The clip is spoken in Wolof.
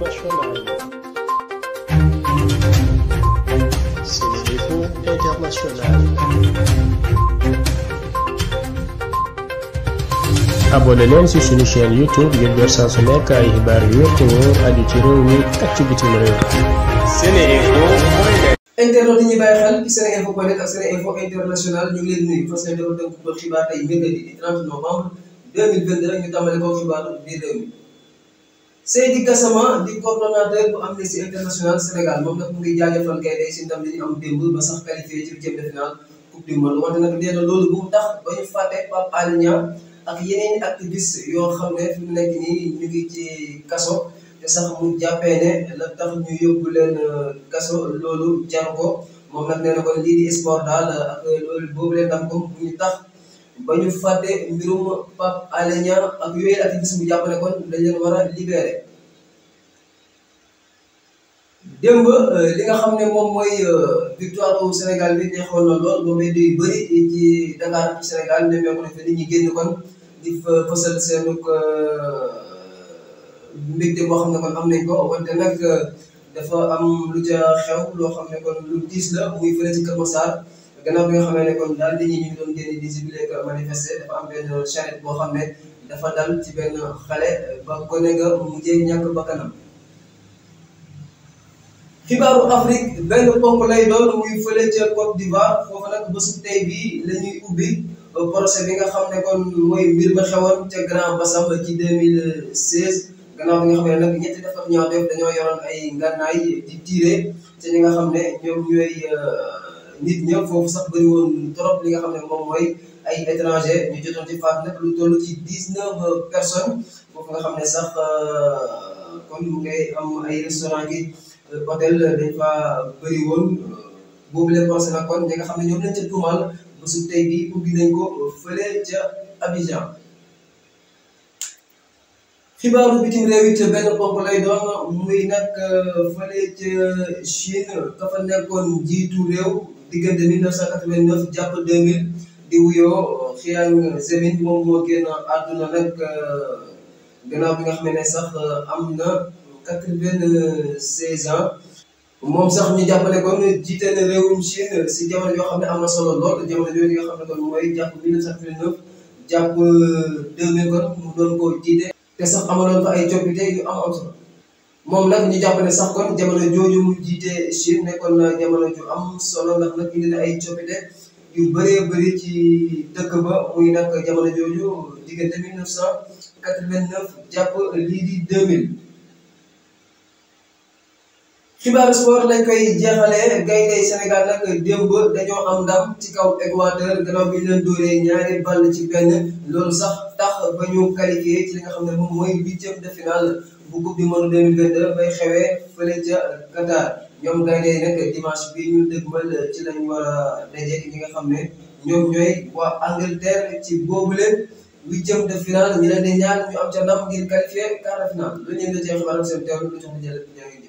internationale. Sénéinfo International. abonné leen ci suñu chaîne YouTube ngir jot su nekk ay xibaar yu wér te wóor aju ci réew mi ak ci bitim réew. Sénéinfo. internautes ñu bàyyi xel ci Sénéinfo point net ak Sénéinfo International ñu ngi leen nuyu fas yéene doon xibaar tey ñu tàmbale ko Seydi Gassama di coordonnateur a Amnesty International Sénégal moom nag mu ngi jaajëfal kay day si am démb ba sax qualifié ci huitième de finale coupe ba ñu fàtte Pape Alé Niang ak yeneen activiste yoo xam ne ngi ci kaso te sax mu jàppee ne la tax ñu yóbbu leen kaso loolu jar ko moom nag nee na kon lii di sport daal ko ñu tax. ba ñu fàtte mbirum Pape Alé ak yooyu activiste bu jàpp ne kon dañ leen war a libéré euh, nga xam ne moom mooy euh, victoire bu Sénégal bi neexoon na lool ba météo yu bëri ci Dakar ci Sénégal nemmeeku na fi nit ñi génn kon di fësal seen euh, mbégte boo xam ne kon am nañ ko wante nag dafa am lu ca xew loo xam ne kon lu diis la muy fële ci gannaaw bi nga xamee ne kon daal nit ñi ñu doon di zibilé ko manifester dafa am benn charrette boo xam ne dafa dal ci benn xale ba gone nga mujjee ñàkk bakkanam xibaaru Afrique benn ponk lay doon muy fële ca Côte d'Ivoire foofu nag bésu tey bii la ubbi procès bi nga xam ne kon mooy mbir ma xewoon ca Grand Bassam ci 2016 gannaaw bi nga xam nag ñetti dafa ñaaw dañoo yoroon ay ngànnaay di tiire ci ñi nga xam ne ñoom ñooy. Euh, nit ña foofu sax bëri trop li nga xam ne moom ay étranger ñu jotoon ci faat nag lu toll ci dix neuf personnes foofu nga xam ne sax euh, comme mu ngay am ay restaurant gi euh, hôtel euh, dañ fa bëri woon boobu leen pensé kon ñi nga xam ne ñoom lañ ca tuumaal bésu tey bi ubbi nañ ko fële ca Abidjan xibaaru bitim réew it benn lay doon muy nag fële ca Chine ka fa nekkoon jiitu réew diggante 1989 jàpp 2000 di wuyoo euh, Xiyaam Zemin moom moo génn àdduna nag euh, gannaaw bi nga xam ne sax euh, am na quatre-vingt-seize ans. moom sax ñu jàppale kon jiite na réewum Chine si jamono yoo xam ne am na solo lool jamono yooyu yoo xam ne kon mooy jàpp 1989 jàpp 2000 kon mu doon ko te sax amaloon fa ay coppite yu am am solo. moom nag ñu jàpp ne sax kon jamono jooju mu jiite Chine nekkoon na jamono ju am solo ndax nag indi na ay coppite yu bëree bëri ci dëkk ba muy nag jamono jooju diggante 1989 jàpp lii di 2000. xibaaru sport lañ koy jeexalee gaynde Sénégal nag démb dañoo am ndam ci kaw Équateur gannaaw bi ñu leen dóoree ñaari ball ci benn loolu sax tax ba ñu qualifié ci li nga xam ne moom mooy huitième de finale. bu coupe du monde 2022 bay xewee fële ca Qatar ñoom gaynde yi nag dimanche bi ñu dëgmal ci lañ war a dajeek nga xam ne ñoom ñooy waa Angleterre ci boobule huitième de finale ñu leen di ñaan ñu ca ndam ngir qualifier quart de finale loolu ñu ngi la cee xibaaram seen teewlu lu jox la jël ñoo ngi